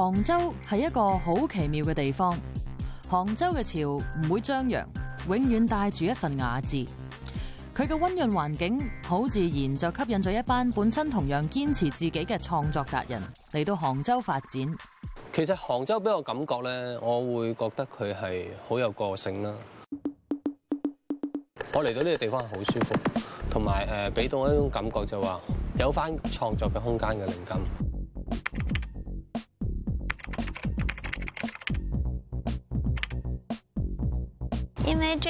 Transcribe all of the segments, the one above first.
杭州係一個好奇妙嘅地方。杭州嘅潮唔會張揚，永遠帶住一份雅致。佢嘅溫潤環境好自然就吸引咗一班本身同樣堅持自己嘅創作達人嚟到杭州發展。其實杭州俾我感覺咧，我會覺得佢係好有個性啦。我嚟到呢個地方好舒服，同埋誒俾到我一種感覺就話有翻創作嘅空間嘅靈感。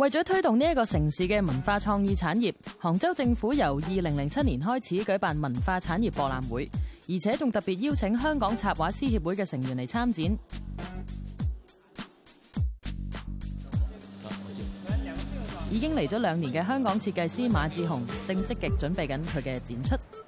為咗推動呢一個城市嘅文化創意產業，杭州政府由二零零七年開始舉辦文化產業博覽會，而且仲特別邀請香港插畫師協會嘅成員嚟參展。嗯嗯嗯嗯。已經嚟咗兩年嘅香港設計師馬志雄，正積極準備緊佢嘅展出。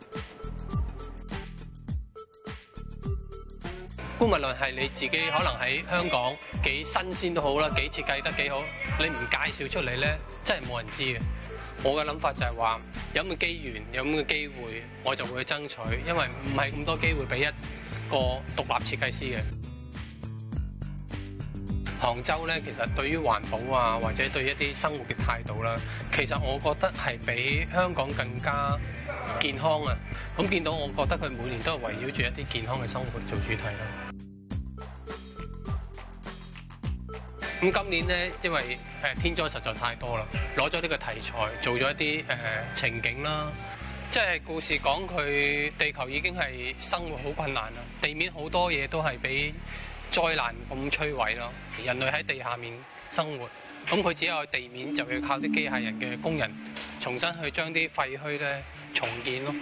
無論係你自己，可能喺香港幾新鮮都好啦，幾設計得幾好，你唔介紹出嚟咧，真係冇人知嘅。我嘅諗法就係話有咁嘅機緣，有咁嘅機會，我就會去爭取，因為唔係咁多機會俾一個獨立設計師嘅。杭州咧，其實對於環保啊，或者對於一啲生活嘅態度啦，其實我覺得係比香港更加健康啊！咁見到我覺得佢每年都係圍繞住一啲健康嘅生活做主題啦。咁今年咧，因為誒天災實在太多啦，攞咗呢個題材做咗一啲誒、呃、情景啦，即係故事講佢地球已經係生活好困難啦，地面好多嘢都係俾災難咁摧毀咯，人類喺地下面生活，咁佢只有地面就要靠啲機械人嘅工人重新去將啲廢墟咧重建咯。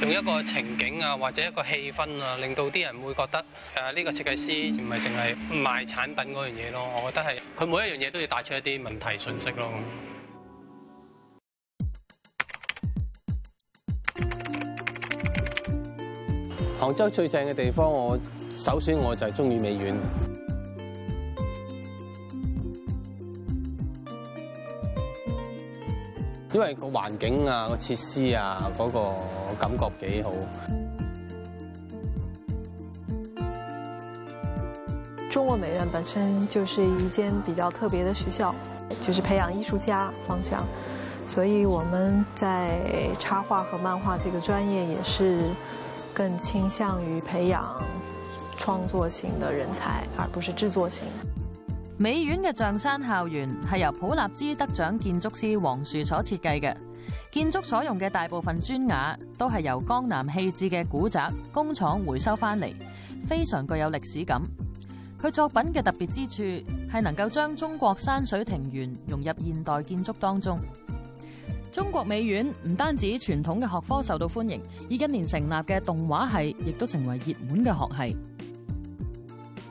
用一個情景啊，或者一個氣氛啊，令到啲人會覺得誒呢個設計師唔係淨係賣產品嗰樣嘢咯。我覺得係佢每一樣嘢都要帶出一啲問題信息咯。杭州最正嘅地方我。首先我就係中意美院，因為個環境啊、個設施啊，嗰、那個感覺幾好。中國美院本身就是一間比較特別嘅學校，就是培養藝術家方向，所以我們在插畫和漫畫這個專業也是更傾向於培養，創作型嘅人才，而不是製作型。美院嘅象山校園係由普立茲得獎建築師王澍所設計嘅。建築所用嘅大部分磚瓦都係由江南氣質嘅古宅工廠回收翻嚟，非常具有歷史感。佢作品嘅特別之處係能夠將中國山水庭園融入現代建築當中。中國美院唔單止傳統嘅學科受到歡迎，而近年成立嘅動畫系亦都成為熱門嘅學系。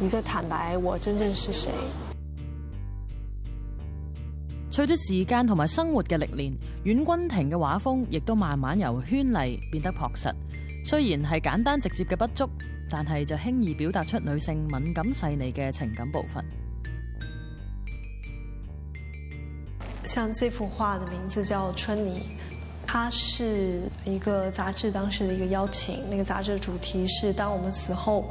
一個坦白，我真正是誰？隨着時間同埋生活嘅歷練，阮君婷嘅畫風亦都慢慢由圈麗變得樸實。雖然係簡單直接嘅不足，但係就輕易表達出女性敏感細膩嘅情感部分。像這幅畫嘅名字叫《春泥》，它是一個雜誌當時嘅一個邀請。那個雜誌的主題是：當我們死後。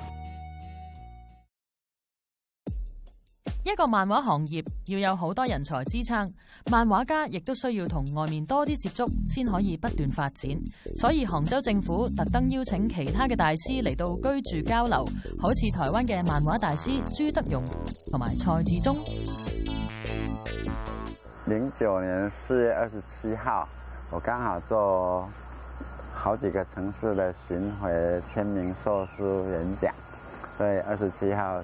一個漫畫行業要有好多人才支撐，漫畫家亦都需要同外面多啲接觸，先可以不斷發展。所以杭州政府特登邀請其他嘅大師嚟到居住交流，好似台灣嘅漫畫大師朱德庸同埋蔡志忠。零九年四月二十七號，我剛好做好幾個城市的巡回簽名、售書、演講，所以二十七號。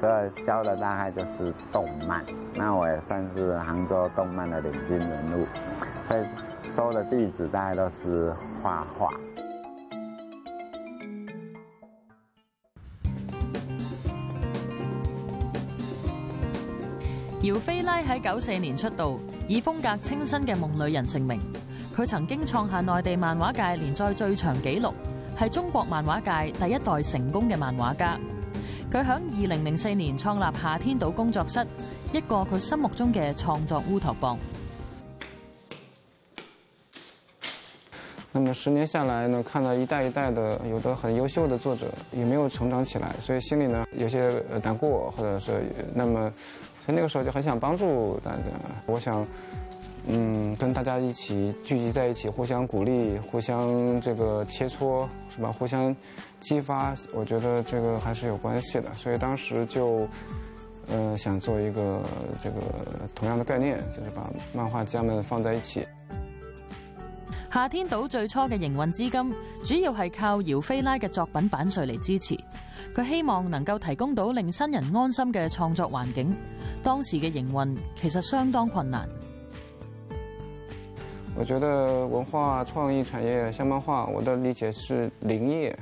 所以教的大概就是動漫，那我也算是杭州動漫的領軍人物。所以收的弟子，大概都是畫畫。姚非拉喺九四年出道，以風格清新嘅《夢裏人》成名。佢曾經創下內地漫畫界連載最長紀錄，係中國漫畫界第一代成功嘅漫畫家。佢喺二零零四年創立夏天島工作室，一個佢心目中嘅創作烏托邦。那麼十年下來呢，看到一代一代的，有的很優秀的作者，也沒有成長起來，所以心裏呢有些難過，或者是，那麼所以那個時候就很想幫助大家。我想，嗯，跟大家一起聚集在一起，互相鼓勵，互相這個切磋，是吧？互相。激發，我覺得這個還是有關係的，所以當時就，呃，想做一個這個同樣的概念，就是把漫畫家們放在一起。夏天島最初嘅營運資金主要係靠姚菲拉嘅作品版稅嚟支持，佢希望能夠提供到令新人安心嘅創作環境。當時嘅營運其實相當困難。我覺得文化創意產業像漫畫，我的理解是林業。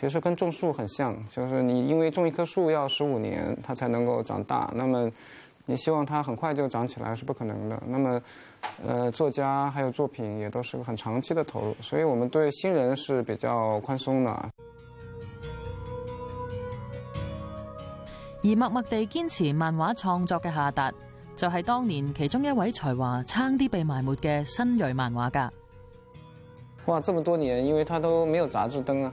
其實跟種樹很像，就是你因為種一棵樹要十五年，它才能夠長大。那麼，你希望它很快就長起來是不可能的。那麼，呃，作家還有作品也都是個很長期的投入，所以我們對新人是比較寬鬆的。而默默地堅持漫畫創作嘅夏達，就係、是、當年其中一位才華差啲被埋沒嘅新銳漫畫家。哇，這麼多年，因為他都沒有雜誌登啊。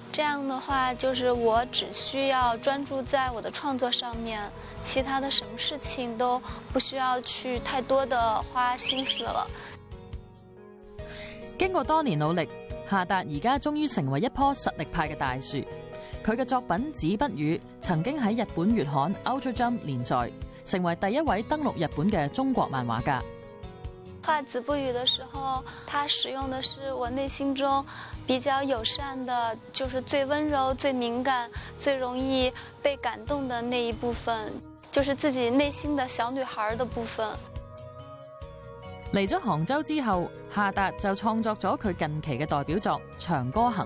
這樣的話，就是我只需要專注在我的創作上面，其他的什麼事情都不需要去太多的花心思了。經過多年努力，夏達而家終於成為一棵實力派嘅大樹。佢嘅作品《子不語》曾經喺日本月刊《Ultra Jump》連載，成為第一位登陸日本嘅中國漫畫家。畫《子不語》的時候，他使用嘅是我內心中。比較友善的，就是最溫柔、最敏感、最容易被感動的那一部分，就是自己內心的小女孩的部分。嚟咗杭州之後，夏達就創作咗佢近期嘅代表作《長歌行》。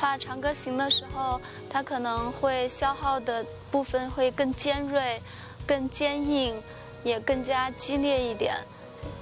畫《長歌行》的時候，他可能會消耗的部分會更尖銳、更堅硬，也更加激烈一點。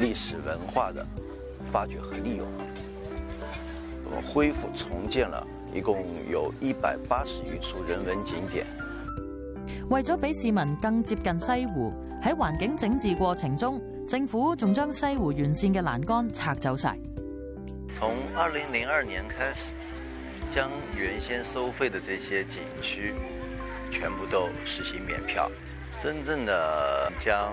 歷史文化的發掘和利用，我們恢復重建了一共有一百八十餘處人文景點。為咗俾市民更接近西湖，喺環境整治過程中，政府仲將西湖沿線嘅欄杆拆走晒。從二零零二年開始，將原先收費的這些景區全部都實行免票，真正的將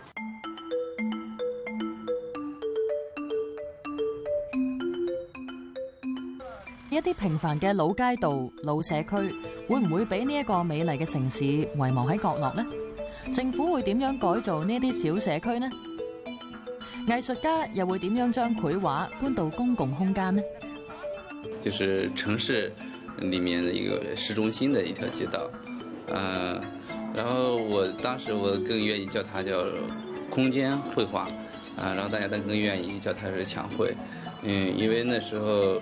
啲平凡嘅老街道、老社區會唔會俾呢一個美麗嘅城市遺忘喺角落呢？政府會點樣改造呢啲小社區呢？藝術家又會點樣將繪畫搬到公共空間呢？就是城市裏面的一個市中心的一條街道，呃，然後我當時我更願意叫它叫空間繪畫，啊，然後大家都更願意叫它是牆繪，嗯，因為那時候。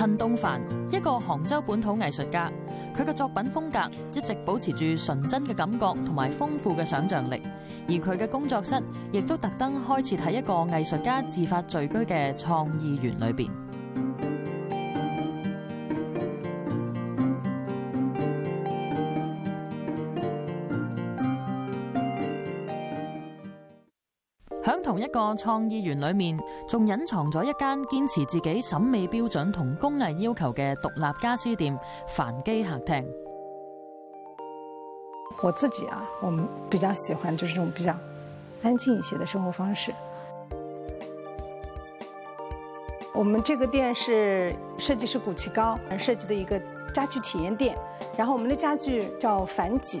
陳東凡，一個杭州本土藝術家，佢嘅作品風格一直保持住純真嘅感覺同埋豐富嘅想象力，而佢嘅工作室亦都特登開設喺一個藝術家自發聚居嘅創意園裏邊。個創意園裏面，仲隱藏咗一間堅持自己審美標準同工藝要求嘅獨立家私店凡幾客廳。我自己啊，我們比較喜歡就是這種比較安靜一些的生活方式。我們這個店是設計師古奇高而設計的一個家具體驗店，然後我們的家具叫凡幾。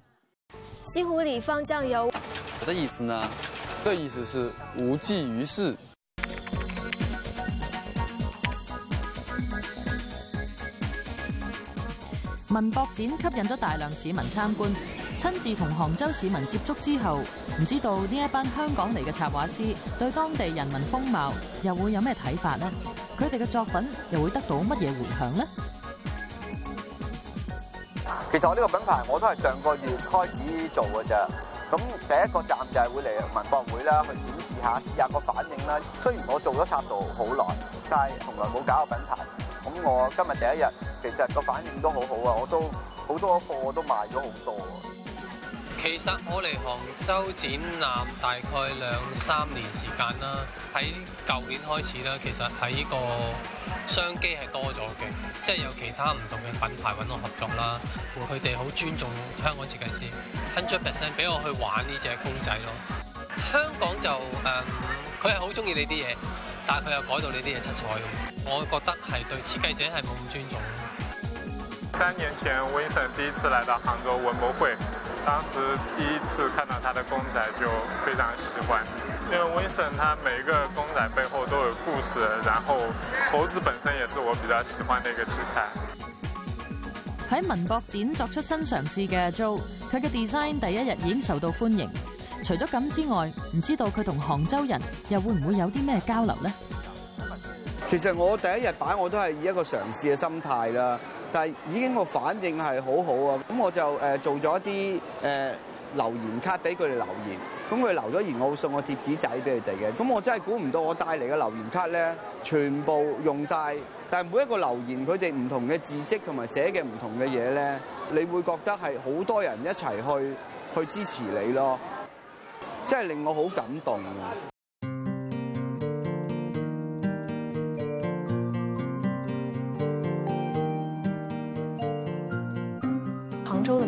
西湖裏放醬油，我的意思呢，個意思是無濟於事。文博展吸引咗大量市民參觀，親自同杭州市民接觸之後，唔知道呢一班香港嚟嘅插畫師對當地人民風貌又會有咩睇法呢？佢哋嘅作品又會得到乜嘢回響呢？其實我呢個品牌我都係上個月開始做嘅咋，咁第一個站就係會嚟文博會啦，去展示下試下個反應啦。雖然我做咗插圖好耐，但係從來冇搞過個品牌。咁我今日第一日，其實個反應都好好啊，我都好多貨我都賣咗好多。其實我嚟杭州展覽大概兩三年時間啦，喺舊年開始啦。其實喺呢個商機係多咗嘅，即係有其他唔同嘅品牌搵我合作啦。佢哋好尊重香港設計師，hundred percent 畀我去玩呢隻公仔咯。香港就誒，佢係好中意你啲嘢，但係佢又改到你啲嘢七彩咁，我覺得係對設計者係冇咁尊重。三年前，Vinson 第一次來到杭州文博會，當時第一次看到他的公仔就非常喜歡，因為 Vinson 他每一個公仔背後都有故事，然後猴子本身也是我比較喜歡的一個題材。喺文博展作出新嘗試嘅 Joe 佢嘅 design 第一日已經受到歡迎。除咗咁之外，唔知道佢同杭州人又會唔會有啲咩交流呢？其實我第一日擺我都係以一個嘗試嘅心態啦。但係已經個反應係好好啊，咁我就誒、呃、做咗一啲誒、呃、留言卡俾佢哋留言，咁佢留咗言，我會送個貼紙仔俾佢哋嘅。咁我真係估唔到我帶嚟嘅留言卡咧，全部用晒。但係每一個留言佢哋唔同嘅字跡同埋寫嘅唔同嘅嘢咧，你會覺得係好多人一齊去去支持你咯，真係令我好感動啊！